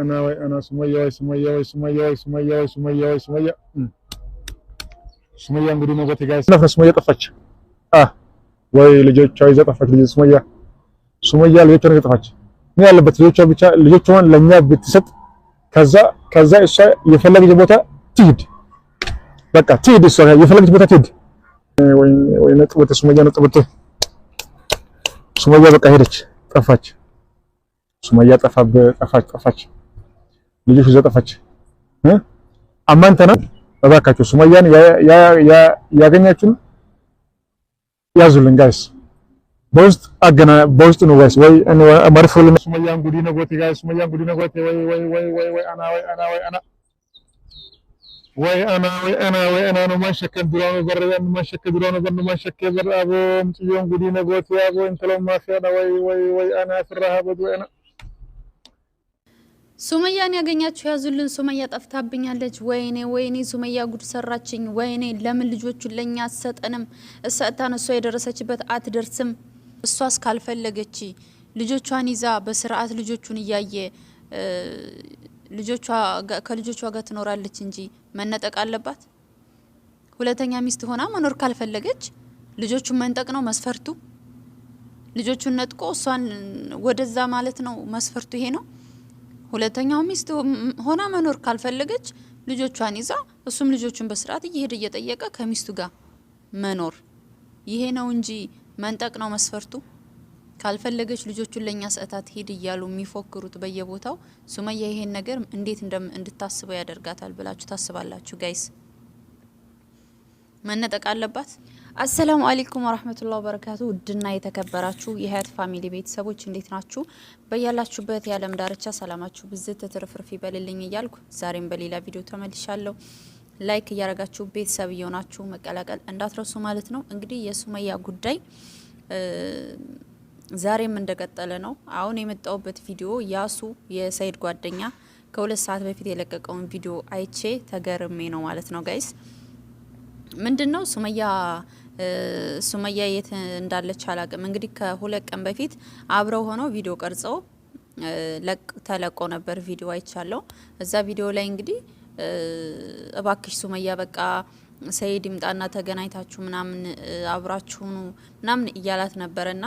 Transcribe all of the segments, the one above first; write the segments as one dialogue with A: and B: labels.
A: አና ወይ አና ሱመያ ወይ ሱመያ ወይ ሱመያ ወይ ሱመያ ወይ ሱመያ ወይ ሱመያ ሱመያ እንግዲህ ነው ወጥ ጋይስ ነው ሱመያ ጠፋች። አ ወይ ልጆቿ ይዛ ጠፋች። ልጅ ሱመያ ሱመያ ልጆቿ ነው ጠፋች። ምን ያለበት ልጆቿ ብቻ ልጆቿን ለኛ ብትሰጥ ከዛ ከዛ እሷ የፈለገች ቦታ ትሂድ፣ በቃ ትሂድ፣ እሷ የፈለገች ቦታ ትሂድ። ወይ ወይ ነጥቦት ሱመያ ነጥቦት ሱመያ በቃ ሄደች፣ ጠፋች። ሱመያ ጠፋች፣ ጠፋች። ልጅሽ ዘጠፈች። አማንተና እባካችሁ ሱመያን ያገኛችሁን ያዙልን ጋይስ። በውስጥ አገና በውስጥ ነው ጋይስ። ወይ እኔ ሱመያን ጉዲ ነጎቴ ጋይስ። ሱመያን ጉዲ ነጎቴ ወይ ወይ ወይ ወይ ወይ አና ወይ አና ወይ አና ወይ አና ወይ አና ወይ አና ነው ማሸከ ድሮ ነው ዘረ ነው ማሸከ ድሮ ነው ዘረ ማሸከ ዘረ አቦ ምጥዮን ጉዲ ነጎቴ አቦ እንተለው ማፈና ወይ ወይ ወይ አና ፍራሃ በዱ አና
B: ሱመያን ያገኛችሁ ያዙልን፣ ሱመያ ጠፍታብኛለች፣ ወይኔ ወይኔ፣ ሱመያ ጉድ ሰራችኝ፣ ወይኔ ለምን ልጆቹን ለእኛ አትሰጠንም? እሰጥታን እሷ የደረሰችበት አትደርስም። እሷ እስካልፈለገች ልጆቿን ይዛ በስርዓት ልጆቹን እያየ ከልጆቿ ጋር ትኖራለች እንጂ መነጠቅ አለባት። ሁለተኛ ሚስት ሆና መኖር ካልፈለገች ልጆቹን መንጠቅ ነው መስፈርቱ። ልጆቹን ነጥቆ እሷን ወደዛ ማለት ነው መስፈርቱ፣ ይሄ ነው። ሁለተኛው ሚስት ሆና መኖር ካልፈለገች ልጆቿን ይዛ እሱም ልጆቹን በስርዓት እየሄደ እየጠየቀ ከሚስቱ ጋር መኖር ይሄ ነው እንጂ መንጠቅ ነው መስፈርቱ። ካልፈለገች ልጆቹን ለእኛ ሰእታት ሄድ እያሉ የሚፎክሩት በየቦታው ሱመያ ይሄን ነገር እንዴት እንድታስበው ያደርጋታል ብላችሁ ታስባላችሁ ጋይስ? መነጠቅ አለባት። አሰላሙ አሌይኩም ወራህመቱላሂ ወበረካቱ። ውድና የተከበራችሁ የሀያት ፋሚሊ ቤተሰቦች እንዴት ናችሁ? በያላችሁበት የዓለም ዳርቻ ሰላማችሁ ብዝት ትርፍርፍ ይበልልኝ እያልኩ ዛሬም በሌላ ቪዲዮ ተመልሻለሁ። ላይክ እያረጋችሁ ቤተሰብ እየሆናችሁ መቀላቀል እንዳትረሱ ማለት ነው። እንግዲህ የሱመያ ጉዳይ ዛሬም እንደቀጠለ ነው። አሁን የመጣውበት ቪዲዮ ያሱ የሰይድ ጓደኛ ከሁለት ሰዓት በፊት የለቀቀውን ቪዲዮ አይቼ ተገርሜ ነው ማለት ነው ጋይስ ምንድን ነው ሱመያ ሱመያ የት እንዳለች አላቅም። እንግዲህ ከሁለት ቀን በፊት አብረው ሆነው ቪዲዮ ቀርጸው ተለቆ ነበር። ቪዲዮ አይቻለው። እዛ ቪዲዮ ላይ እንግዲህ እባክሽ ሱመያ በቃ ሰይድ ይምጣና ተገናኝታችሁ ምናምን አብራችሁኑ ምናምን እያላት ነበረና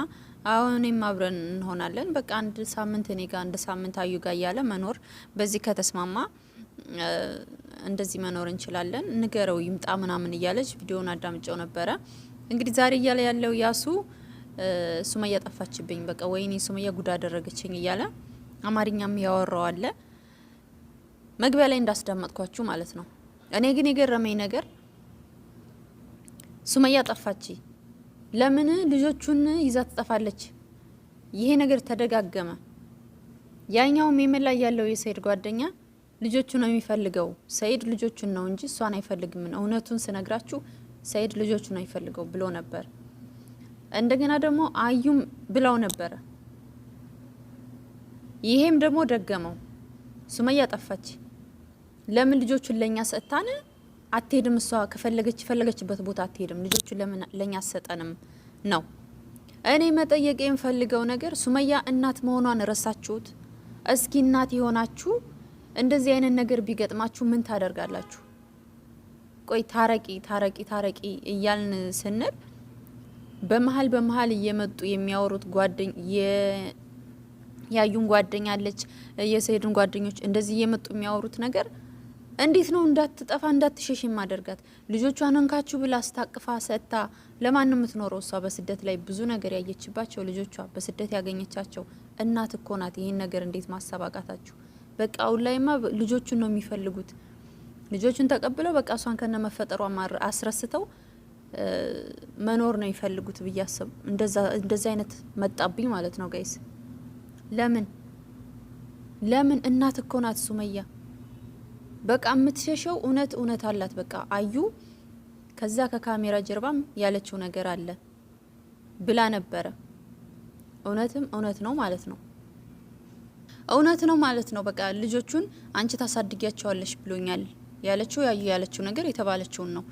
B: አሁንም አብረን እንሆናለን በቃ አንድ ሳምንት እኔ ጋር አንድ ሳምንት አዩ ጋር እያለ መኖር በዚህ ከተስማማ እንደዚህ መኖር እንችላለን፣ ንገረው ይምጣ ምናምን እያለች ቪዲዮውን አዳምጨው ነበረ። እንግዲህ ዛሬ እያለ ያለው ያሱ ሱመያ ጠፋችብኝ፣ በቃ ወይኔ ሱመያ ጉዳ አደረገችኝ እያለ አማርኛም ያወራው አለ። መግቢያ ላይ እንዳስዳመጥኳችሁ ማለት ነው። እኔ ግን የገረመኝ ነገር ሱመያ ጠፋች፣ ለምን ልጆቹን ይዛ ትጠፋለች? ይሄ ነገር ተደጋገመ። ያኛውም የመላ ያለው የሰይድ ጓደኛ ልጆቹ ነው የሚፈልገው። ሰይድ ልጆቹን ነው እንጂ እሷን አይፈልግምን። እውነቱን ስነግራችሁ ሰይድ ልጆቹን አይፈልገው ብሎ ነበር። እንደገና ደግሞ አዩም ብለው ነበረ። ይሄም ደግሞ ደገመው። ሱመያ ጠፋች። ለምን ልጆቹን ለእኛ ሰጥታን አትሄድም? እሷ ከፈለገች የፈለገችበት ቦታ አትሄድም። ልጆቹን ለምን ለእኛ ሰጠንም ነው። እኔ መጠየቅ የምፈልገው ነገር ሱመያ እናት መሆኗን ረሳችሁት? እስኪ እናት የሆናችሁ እንደዚህ አይነት ነገር ቢገጥማችሁ ምን ታደርጋላችሁ? ቆይ ታረቂ ታረቂ ታረቂ እያልን ስንል በመሀል በመሀል እየመጡ የሚያወሩት ጓደኝ ያዩን ጓደኛ አለች፣ የሰይድን ጓደኞች እንደዚህ እየመጡ የሚያወሩት ነገር እንዴት ነው እንዳትጠፋ እንዳትሸሽ የማደርጋት? ልጆቿን እንካችሁ ብላ አስታቅፋ ሰጥታ ለማን የምትኖረው? እሷ በስደት ላይ ብዙ ነገር ያየችባቸው ልጆቿ በስደት ያገኘቻቸው እናት እኮ ናት። ይህን ነገር እንዴት ማሰባቃታችሁ? አቃታችሁ? በቃ አሁን ላይማ ልጆቹን ነው የሚፈልጉት። ልጆቹን ተቀብለው በቃ እሷን ከነ መፈጠሯ አስረስተው መኖር ነው የሚፈልጉት ብዬ አሰብ እንደዛ አይነት መጣብኝ ማለት ነው ጋይስ። ለምን ለምን እናት እኮ ናት ሱመያ። በቃ የምትሸሸው እውነት እውነት አላት። በቃ አዩ ከዛ ከካሜራ ጀርባም ያለችው ነገር አለ ብላ ነበረ። እውነትም እውነት ነው ማለት ነው። እውነት ነው ማለት ነው። በቃ ልጆቹን አንቺ ታሳድጊያቸዋለሽ ብሎኛል ያለችው ያዩ ያለችው ነገር የተባለችውን ነው።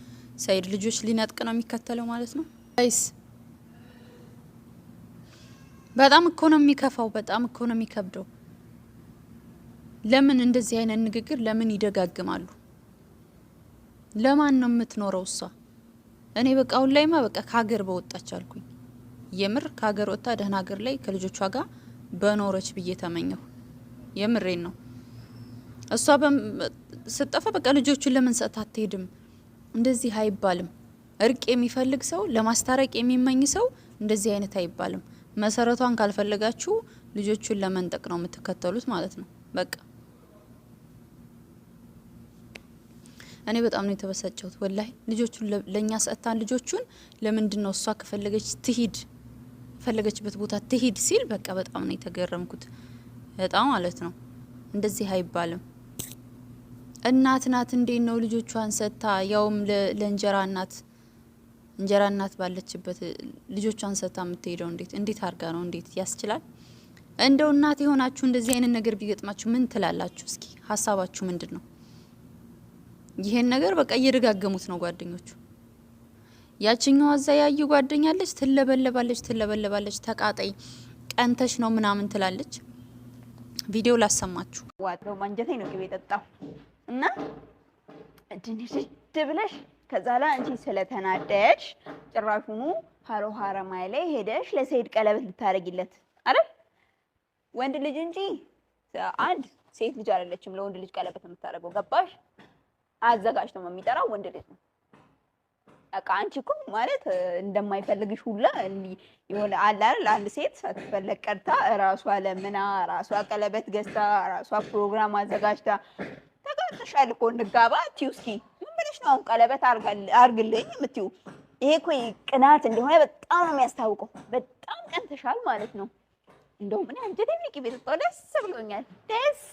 B: ሰይድ ልጆች ሊነጥቅ ነው የሚከተለው ማለት ነው ይስ በጣም እኮ ነው የሚከፋው። በጣም እኮ ነው የሚከብደው። ለምን እንደዚህ አይነት ንግግር ለምን ይደጋግማሉ? ለማን ነው የምትኖረው እሷ? እኔ በቃ አሁን ላይማ በቃ ከሀገር በወጣች አልኩኝ። የምር ከሀገር ወጥታ ደህና ሀገር ላይ ከልጆቿ ጋር በኖረች ብዬ ተመኘሁ። የምሬን ነው። እሷ ስጠፋ በቃ ልጆቹን ለምን ሰጥታ አትሄድም? እንደዚህ አይባልም። እርቅ የሚፈልግ ሰው ለማስታረቅ የሚመኝ ሰው እንደዚህ አይነት አይባልም። መሰረቷን ካልፈለጋችሁ ልጆቹን ለመንጠቅ ነው የምትከተሉት ማለት ነው። በቃ እኔ በጣም ነው የተበሳጨሁት ወላሂ። ልጆቹን ለእኛ ሰጥታን ልጆቹን ለምንድን ነው እሷ ከፈለገች ትሂድ፣ ፈለገችበት ቦታ ትሂድ ሲል በቃ በጣም ነው የተገረምኩት። እጣ ማለት ነው። እንደዚህ አይባልም። እናት ናት። እንዴት ነው ልጆቿን ሰጥታ ያውም ለእንጀራ እናት እንጀራ እናት ባለችበት ልጆቿን ሰጥታ የምትሄደው እንዴት እንዴት አድርጋ ነው? እንዴት ያስችላል? እንደው እናት የሆናችሁ እንደዚህ አይነት ነገር ቢገጥማችሁ ምን ትላላችሁ? እስኪ ሀሳባችሁ ምንድን ነው? ይሄን ነገር በቃ እየደጋገሙት ነው ጓደኞቹ። ያችኛዋ እዛ ያዩ ጓደኛለች፣ ትለበለባለች፣ ትለበለባለች፣ ተቃጣይ ቀንተሽ ነው ምናምን ትላለች። ቪዲዮ ላሰማችሁ።
C: ዋለው ማንጀቴ ነው ቅቤ የጠጣው እና ድንድድ ብለሽ ከዛ ላ አንቺ ስለተናደሽ ጭራሹኑ ሀሮ ሀረማያ ላይ ሄደሽ ለሰይድ ቀለበት ልታደርጊለት አይደል? ወንድ ልጅ እንጂ አንድ ሴት ልጅ አይደለችም። ለወንድ ልጅ ቀለበት የምታደርገው ገባሽ? አዘጋጅ ነው የሚጠራው ወንድ ልጅ ነው። በቃ አንቺ እኮ ማለት እንደማይፈልግሽ ሁላ የሆነ አለ አይደል? አንድ ሴት ሳትፈለግ ቀርታ ራሷ ለምና ራሷ ቀለበት ገዝታ ራሷ ፕሮግራም አዘጋጅታ ተጋጥሻል እኮ እንጋባ እትይው እስኪ ምን ብለሽ ነው አሁን ቀለበት አርግልኝ የምትይው? ይሄ እኮ ቅናት እንደሆነ በጣም ነው የሚያስታውቀው። በጣም ቀንተሻል ማለት ነው። እንደውም እኔ አንጀቴ ቅቤ ጠጣሁ። ደስ ብሎኛል። ደስ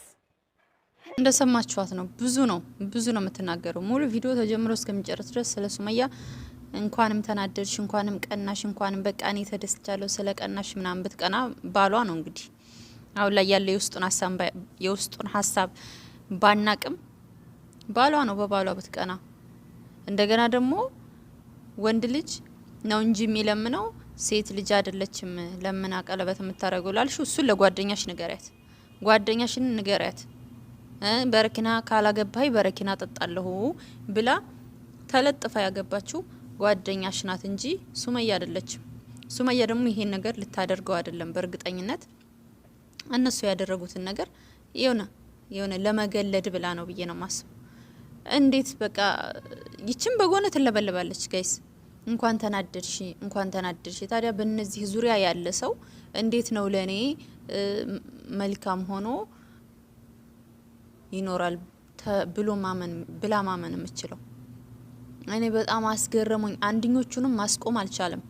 B: እንደሰማችኋት ነው። ብዙ ነው ብዙ ነው የምትናገረው። ሙሉ ቪዲዮ ተጀምሮ እስከሚጨርስ ድረስ ስለ ሱመያ እንኳንም ተናደድሽ፣ እንኳንም ቀናሽ፣ እንኳንም በቃ እኔ ተደስቻለሁ ስለ ቀናሽ ምናምን ብትቀና ባሏ ነው እንግዲህ አሁን ላይ ያለ የውስጡን ሀሳብ ባናቅም ባሏ ነው በባሏ ብትቀና። እንደገና ደግሞ ወንድ ልጅ ነው እንጂ የሚለምነው ሴት ልጅ አይደለችም ለምና ቀለበት የምታደርገው ላልሽ፣ እሱን ለጓደኛሽ ንገሪያት፣ ጓደኛሽን ንገሪያት። በረኪና ካላገባይ በረኪና ጠጣለሁ ብላ ተለጥፋ ያገባችው ጓደኛሽ ናት እንጂ ሱመያ አይደለችም። ሱመያ ደግሞ ይሄን ነገር ልታደርገው አይደለም። በእርግጠኝነት እነሱ ያደረጉትን ነገር የሆነ የሆነ ለመገለድ ብላ ነው ብዬ ነው ማስብ። እንዴት በቃ ይችን በጎነ ትለበልባለች። ጋይስ እንኳን ተናደድሽ፣ እንኳን ተናደድሽ። ታዲያ በእነዚህ ዙሪያ ያለ ሰው እንዴት ነው ለእኔ መልካም ሆኖ ይኖራል ብሎ ማመን ብላ ማመን የምችለው እኔ በጣም አስገረሙኝ። አንድኞቹንም ማስቆም አልቻለም።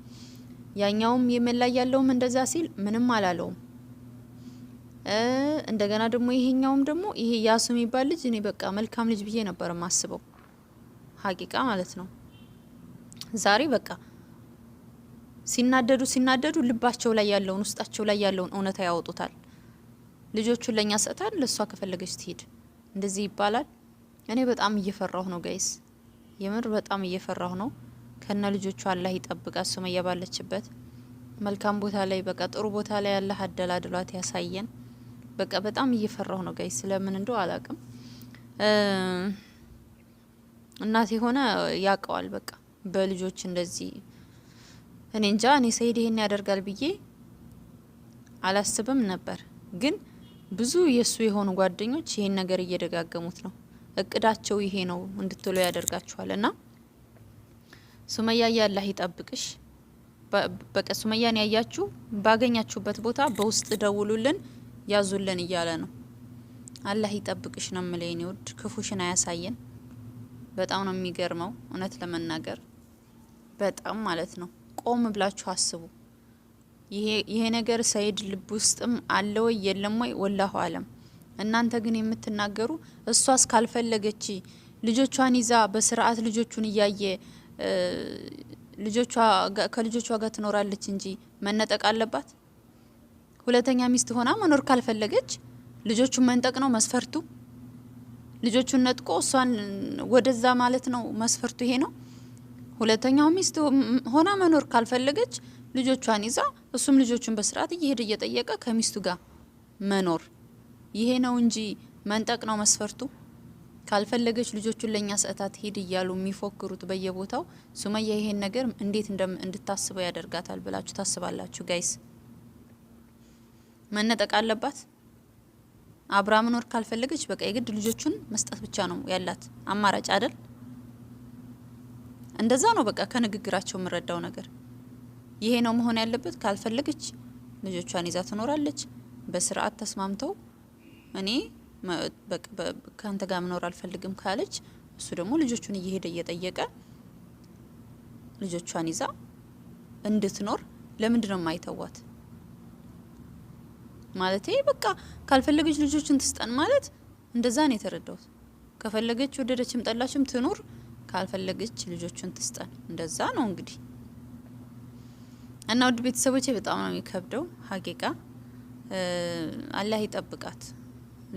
B: ያኛውም የመላ ያለውም እንደዛ ሲል ምንም አላለውም። እንደገና ደግሞ ይሄኛውም ደግሞ ይሄ ያሱ የሚባል ልጅ እኔ በቃ መልካም ልጅ ብዬ ነበር ማስበው ሀቂቃ ማለት ነው። ዛሬ በቃ ሲናደዱ ሲናደዱ ልባቸው ላይ ያለውን ውስጣቸው ላይ ያለውን እውነታ ያወጡታል። ልጆቹን ለእኛ ሰጥታን ለእሷ ከፈለገች ትሄድ እንደዚህ ይባላል። እኔ በጣም እየፈራሁ ነው ጋይስ፣ የምር በጣም እየፈራሁ ነው። ከነ ልጆቹ አላህ ይጠብቃት። ሱመያ ባለችበት መልካም ቦታ ላይ በቃ ጥሩ ቦታ ላይ አላህ አደላድሏት ያሳየን። በቃ በጣም እየፈራሁ ነው ጋይስ፣ ስለምን እንደው አላቅም። እናት የሆነ ያቀዋል በቃ በልጆች እንደዚህ እኔ እንጃ። እኔ ሰይድ ይሄን ያደርጋል ብዬ አላስብም ነበር ግን ብዙ የእሱ የሆኑ ጓደኞች ይሄን ነገር እየደጋገሙት ነው። እቅዳቸው ይሄ ነው እንድትሎ ያደርጋችኋል። እና ሱመያ ያላህ ይጠብቅሽ። በቃ ሱመያን ያያችሁ ባገኛችሁበት ቦታ በውስጥ ደውሉልን፣ ያዙልን እያለ ነው። አላህ ይጠብቅሽ ነው የምለው የኔ ውድ። ክፉሽን አያሳየን። በጣም ነው የሚገርመው እውነት ለመናገር በጣም ማለት ነው። ቆም ብላችሁ አስቡ። ይሄ ነገር ሰይድ ልብ ውስጥም አለ ወይ የለም ወይ? ወላሁ አለም። እናንተ ግን የምትናገሩ እሷ ካልፈለገች ልጆቿን ይዛ በስርዓት ልጆቹን እያየ ልጆቿ ከልጆቿ ጋር ትኖራለች እንጂ መነጠቅ አለባት። ሁለተኛ ሚስት ሆና መኖር ካልፈለገች ልጆቹን መንጠቅ ነው መስፈርቱ። ልጆቹን ነጥቆ እሷን ወደዛ ማለት ነው መስፈርቱ፣ ይሄ ነው። ሁለተኛው ሚስት ሆና መኖር ካልፈለገች ልጆቿን ይዛ እሱም ልጆቹን በስርዓት እየሄደ እየጠየቀ ከሚስቱ ጋር መኖር ይሄ ነው እንጂ መንጠቅ ነው መስፈርቱ። ካልፈለገች ልጆቹን ለእኛ ሰእታት ሄድ እያሉ የሚፎክሩት በየቦታው ሱመያ ይሄን ነገር እንዴት እንድታስበው ያደርጋታል ብላችሁ ታስባላችሁ? ጋይስ መነጠቅ አለባት። አብራ መኖር ካልፈለገች በቃ የግድ ልጆቹን መስጠት ብቻ ነው ያላት አማራጭ አይደል? እንደዛ ነው በቃ ከንግግራቸው የምረዳው ነገር ይሄ ነው መሆን ያለበት። ካልፈለገች ልጆቿን ይዛ ትኖራለች። በስርዓት ተስማምተው እኔ ከአንተ ጋር መኖር አልፈልግም ካለች እሱ ደግሞ ልጆቹን እየሄደ እየጠየቀ ልጆቿን ይዛ እንድትኖር ለምንድን ነው የማይተዋት? ማለት በቃ ካልፈለገች ልጆችን ትስጠን ማለት እንደዛ ነው የተረዳሁት። ከፈለገች ወደደችም ጠላችም ትኑር፣ ካልፈለገች ልጆችን ትስጠን እንደዛ ነው እንግዲህ እና ውድ ቤተሰቦቼ በጣም ነው የሚከብደው። ሀቂቃ አላህ ይጠብቃት።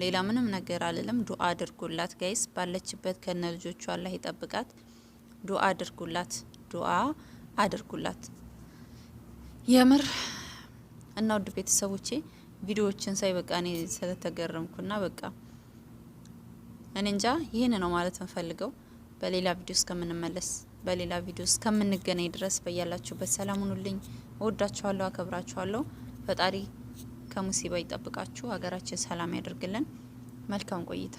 B: ሌላ ምንም ነገር አልልም። ዱአ አድርጉላት ጋይስ፣ ባለችበት ከነ ልጆቹ አላህ ይጠብቃት። ዱአ አድርጉላት፣ ዱአ አድርጉላት የምር እና ውድ ቤተሰቦቼ ቪዲዮዎችን ሳይ በቃ እኔ ስለተገረምኩና በቃ እኔ እንጃ ይህን ነው ማለት እንፈልገው። በሌላ ቪዲዮ እስከምንመለስ በሌላ ቪዲዮ እስከምንገናኝ ድረስ በያላችሁበት ሰላም ሁኑልኝ። እወዳችኋለሁ፣ አከብራችኋለሁ። ፈጣሪ ከሙሲባ ይጠብቃችሁ፣ ሀገራችን ሰላም ያደርግልን። መልካም ቆይታ